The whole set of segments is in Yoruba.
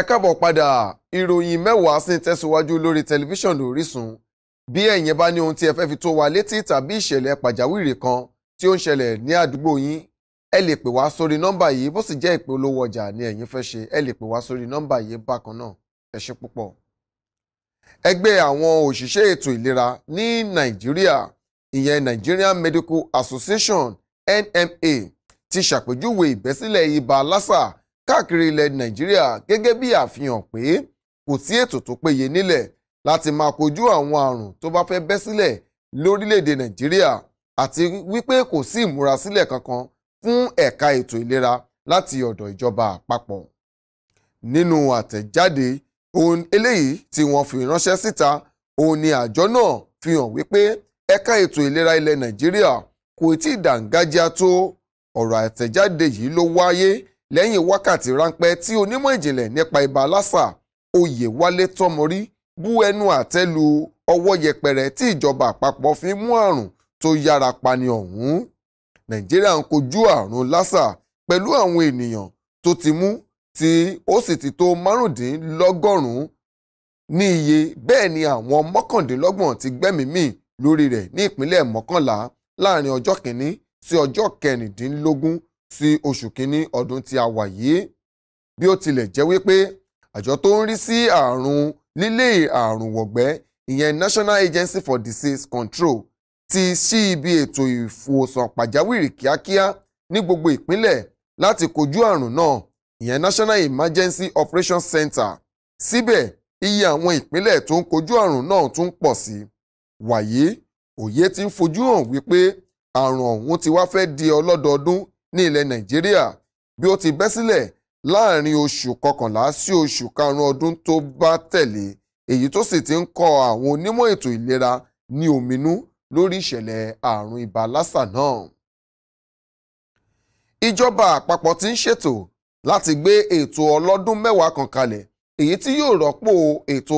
ẹ káàbọ̀ padà ìròyìn mẹ́wàá sì ń tẹ̀síwájú lórí tẹlifíṣàn lóríṣun bí ẹ̀yin bá ní ohun tí ẹ fẹ́ fi tó wa létí tàbí ìṣẹ̀lẹ̀ pàjáwìrì kan tí ó ń ṣẹlẹ̀ ní àdúgbò yín ẹ lè pè wá sórí nọ́mbà yìí bó sì jẹ́ ìpè olówó ọjà ni ẹ̀yin fẹ́ ṣe ẹ lè pè wá sórí nọ́mbà yìí bákan náà ẹ ṣe púpọ̀. ẹgbẹ́ àwọn òṣìṣẹ́ ètò ìlera ní nàìjíríà ìyẹn Nigerian Medical Association NMA ti ṣàpèjúwe ìbẹ́sílẹ̀ ibà lásà káàkiri ilẹ̀ nàìjíríà gẹ́gẹ́ bí àfihàn pé kò sí ètò tó péye nílẹ̀ láti máa kojú àwọn àrùn tó bá fẹ́ bẹ́ sílẹ̀ lórílẹ̀‐èdè nàìjíríà àti wípé kò sí ìmúrasílẹ̀ kankan fún ẹ̀ka ètò ìlera láti ọ̀dọ̀ ìjọba àpapọ̀ nínú àtẹ̀jáde ohun eléyìí tí wọ́n fi ránṣẹ́ síta òun ni àjọ náà fi hàn wípé ẹ̀ka ètò ìlera ilẹ̀ nàìjíríà kò tí ì dàǹgájíá tó ọ̀rọ̀ àtẹ̀jáde yìí ló wáyé lẹ́yìn wákàtí ráńpẹ́ tí onímọ̀ ìjìnlẹ̀ nípa ibà lásà Oyèwálé Tọ́mọrí bú ẹnu àtẹ́ lu ọwọ́ yẹpẹrẹ tí ìjọba àpapọ̀ fi mú àrùn tó yára pani ọ̀hún Nàìjíríà ń kojú àrùn lásà pẹ̀lú àwọn ènìyàn tó ti mú tí ó sì ti tó márùndínlọ́gọ́rùn-ún ní iye bẹ́ẹ̀ ni àwọn mọ́kàndínlọ́gbọ̀n ti gbẹ́mìí mì lórí rẹ̀ ní ìpínlẹ̀ mọ́kànlá láàrin ọjọ́ kìíní sí ọjọ́ kẹrìndínlógún sí oṣù kínní ọdún tí a wà yìí bí ó tilẹ̀ jẹ́ wípé àjọ tó ń rí sí àrùn lílé àrùn wọ̀gbẹ́ ìyẹn National Agency for Disease Control ti ṣí ibi ètò ìfòsàn pàjáwìrì kíákíá ní gbogbo ìpínlẹ̀ láti kojú àrùn náà ìyẹn National Emergency Operations Center síbẹ̀ iye àwọn ìpínlẹ̀ tó ń kojú àrùn náà tún pọ̀ sí wàyí òye ti ń fojú hàn wípé àrùn ọ̀hún ti wá fẹ́ di ọlọ́dọọdún ní ilẹ̀ nàìjíríà bí ó ti bẹ́ sílẹ̀ láàrin oṣù kọkànlá sí oṣù karùn-ún ọdún tó bá tẹ̀lé èyí tó sì ti ń kọ àwọn onímọ̀ ètò ìlera ní òmìnú lórí ìṣẹ̀lẹ̀ àrùn ibà lásà náà. ìjọba àpapọ̀ ti ń ṣètò láti gbé ètò ọlọ́dún mẹ́wàá kan kalẹ̀ èyí tí yóò rọ́pò ètò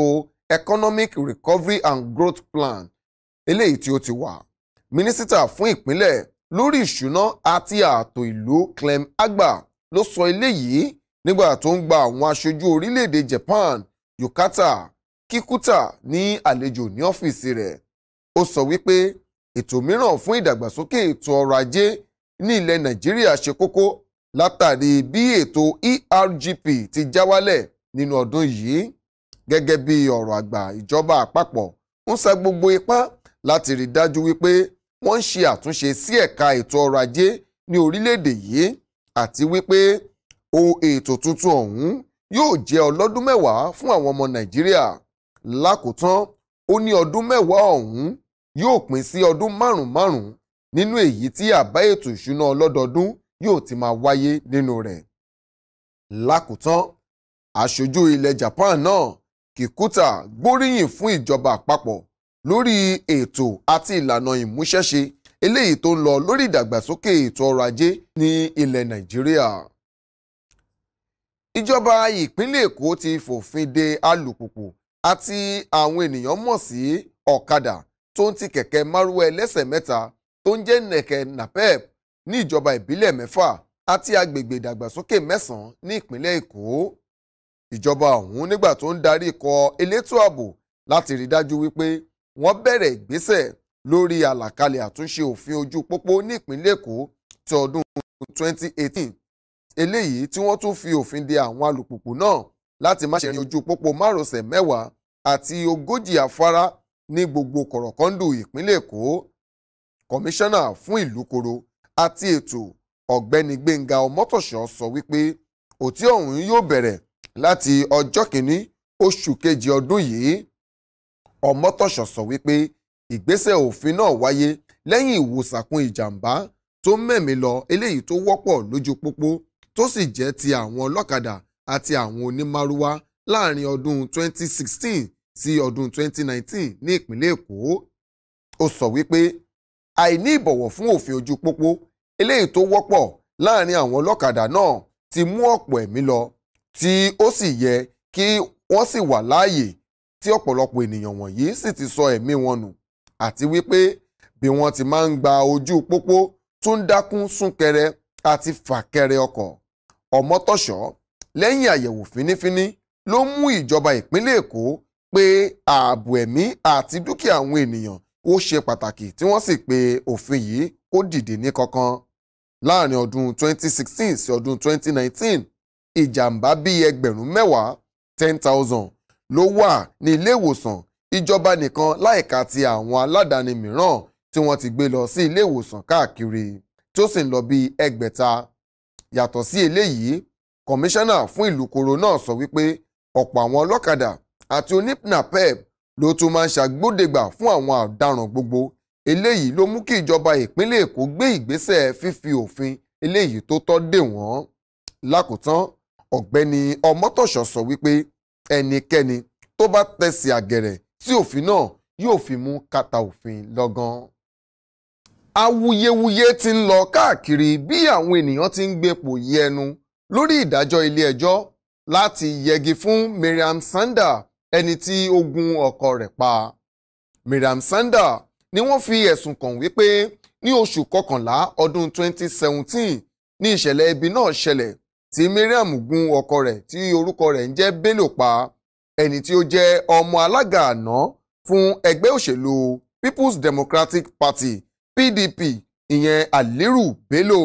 economic recovery and growth plan eléyìí tí ó ti wà mínísítà fún ìpínlẹ̀ lórí ìṣúná àti ààtò ìlú Clem Agba ló sọ eléyìí nígbà tó ń gba àwọn aṣojú orílẹ̀-èdè Japan Yukata Kikuta ní àlejò ní ọ́fíìsì rẹ̀ ó sọ wípé ètò mìíràn fún ìdàgbàsókè ètò ọrọ̀ ajé ní ilẹ̀ Nàìjíríà ṣe kókó látàrí bí ètò ERGP ti já wálẹ̀ nínú ọdún yìí gẹ́gẹ́ bí ọ̀rọ̀ àgbà ìjọba àpapọ̀ ń sa gbogbo ipá láti rí dájú wípé wọ́n ń ṣe àtúnṣe sí ẹ̀ka ètò ọrọ̀ ajé ní orílẹ̀-èdè yìí àti wípé o ètò tuntun ọ̀hún yóò jẹ́ ọlọ́dún mẹ́wàá fún àwọn ọmọ Nàìjíríà lákòótán ó ní ọdún mẹ́wàá ọ̀hún yóò pín sí ọdún márùn-ún márùn-ún nínú èyí tí àbá ètò ìṣúná ọlọ́dọọdún yóò ti máa wáyé nínú rẹ̀. lákòótán aṣojú ilẹ̀ Japan náà Kikuta gbóríyìn fún ìjọba àpapọ̀ lórí ètò àti ìlànà ìmúṣẹ́ṣe eléyìí tó ń lọ lórí ìdàgbàsókè ètò ọrọ̀ ajé ní ilẹ̀ Nàìjíríà. Ìjọba ìpínlẹ̀ Èkó ti fòfin de alùpùpù àti àwọn ènìyàn mọ̀ sí ọ̀kadà tó ń ti kẹ̀kẹ́ márúwá ẹlẹ́sẹ̀ mẹ́ta tó ń jẹ́ nẹ̀kẹ́ napep ní ìjọba ìbílẹ̀ mẹ́fà àti agbègbè ìdàgbàsókè mẹ́sàn-án ní ìpínlẹ̀ Èkó. Ìjọba ọ̀hún nígbà tó ń darí ikọ̀ elétò ààbò láti rí dájú wípé wọ́n bẹ̀rẹ̀ ìgbésẹ̀ lórí àlàkalẹ̀ àtúnṣe òfin ojú pópó nípínlẹ̀ Èkó ti ọdún 2018 eléyìí tí wọ́n tún fi òfin de àwọn alùpùpù náà láti má ṣe rin ojú pópó márosẹ̀ mẹ́wàá àti ogójì afárá ní gbogbo kọ̀rọ̀kọ́ndù ìpínlẹ̀ Èkó kọmíṣánná fún ìlúkoro àti ètò ọ̀gbẹ́ni Gbẹ́ngà Ọmọ́tòṣọ́ sọ wípé òtí ọ̀hún yóò bẹ̀rẹ̀ láti ọjọ́ kìíní oṣù kejì ọdún yìí ọmọtọ̀ṣọ̀ sọ wípé ìgbésẹ̀ òfin náà wáyé lẹ́yìn ìwòsàkun ìjàmbá tó mẹ̀mí lọ eléyìí tó wọ́pọ̀ lójú pópó tó sì jẹ́ ti àwọn ọlọ́kadà àti àwọn onímárúwá láàrin ọdún 2016 sí ọdún 2019 ní ìpínlẹ̀ Èkó ó sọ wípé àìní ìbọ̀wọ̀ fún òfin ojú pópó eléyìí tó wọ́pọ̀ láàrin àwọn ọlọ́kadà náà ti mú ọ̀pọ̀ ẹ̀mí lọ tí ó sì yẹ kí wọ́n sì wà láàyè tí ọ̀pọ̀lọpọ̀ ènìyàn wọ̀nyí sì ti sọ ẹ̀mí wọn nù àti wípé bí wọ́n ti máa ń gba ojú pópó tó ń dákún súnkẹrẹ àti fàkẹrẹ ọkọ̀ ọmọtọ́ṣọ́ lẹ́yìn àyẹ̀wò fínífíní ló mú ìjọba ìpínlẹ̀ èkó pé ààbò ẹ̀mí àti dúkìá àwọn ènìyàn ó ṣe pàtàkì tí wọ́n sì pe òfin yìí kó dìde ní kankan láàrin ọdún 2016 sí ọdún 2019 ìjàmbá bíi ẹgbẹ̀rún mẹ́wàá ten thousand ló wà ní ilé ìwòsàn ìjọba nìkan láìka ti àwọn aládàáni mìíràn tí wọ́n ti gbé lọ sí ilé ìwòsàn káàkiri tí ó sì ń lọ bí ẹgbẹ̀ta yàtọ̀ sí eléyìí kọmíṣánná fún ìlú koro náà sọ wípé ọ̀pọ̀ àwọn ọlọ́kadà àti onípnapep ló tún máa ń ṣàgbódegbà fún àwọn ọ̀daràn gbogbo eléyìí ló mú kí ìjọba ìpínlẹ̀ èkó gbé ìgbésẹ̀ fífi òfin eléyìí tó tọ́ dè wọ́n lákòótán ọ̀gbẹ́ni ọmọ́tọ̀ṣọ́ sọ wípé ẹnikẹ́ni tó bá tẹ̀sí àgẹ̀rẹ̀ tí òfin náà yóò fi mú kàtà òfin lọ́gán. awuyewuye ti ń lọ káàkiri bí àwọn ènìyàn ti ń gbépo yí ẹnu lórí ìdájọ́ ilé ẹjọ́ láti yẹgi fún Miriam Sanda ẹni tí ó gun ọkọ rẹ̀ pa. Miriam Sanda ni wọ́n fi ẹ̀sùn kàn wípé ní oṣù kọkànlá ọdún 2017 ní ìṣẹ̀lẹ̀ ibi náà ṣẹlẹ̀ tí Mariam gun ọkọ rẹ̀ tí orúkọ rẹ̀ ń jẹ́ Bello pa ẹni tí ó jẹ́ ọmọ alága àná fún ẹgbẹ́ òṣèlú People's Democratic Party PDP ìyẹn Aliru Bello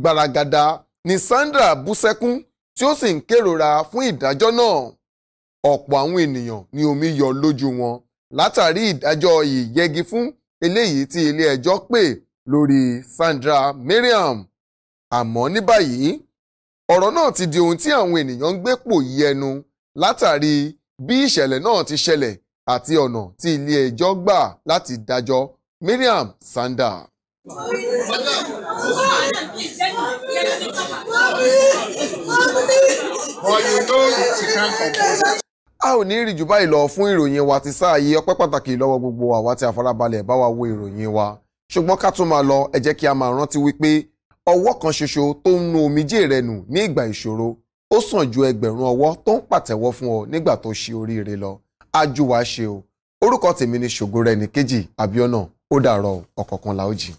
gbaragada ni Sandra bú sẹ́kún tí ó sì ń kérora fún ìdájọ́ náà ọ̀pọ̀ àwọn ènìyàn ni omi yọ lójú wọn látàrí ìdájọ́ ìyẹgi fún eléyìí tí ilé pè lórí Sandra Miriam, àmọ́ ní báyìí ọ̀rọ̀ náà ti di ohun tí àwọn ènìyàn ń gbé pò yí ẹnu látàrí bí ìṣẹ̀lẹ̀ náà ti ṣẹlẹ̀ àti ọ̀nà tí ilé ẹjọ́ gbà láti dájọ́ Miriam Sanda. a ò ní rí jù báyìí lọ fún ìròyìn wa ti sáà yí ọpẹ́ pàtàkì lọ́wọ́ gbogbo àwa tí a farabalẹ̀ bá wa wo ìròyìn wa ṣùgbọ́n ká tún máa lọ ẹ jẹ́ kí a máa rántí wípé ọwọ́ kan ṣoṣo tó ń nu omijé rẹ nù ní ìgbà ìṣòro ó sàn ju ẹgbẹ̀rún ọwọ́ tó ń pàtẹ́wọ́ fún ọ nígbà tó ṣe oríire lọ ájú wa ṣe o orúkọ tèmi ni ṣògo rẹ ní kejì àbíọ́nà ó dàrọ ọ̀kọ̀ọ̀kan la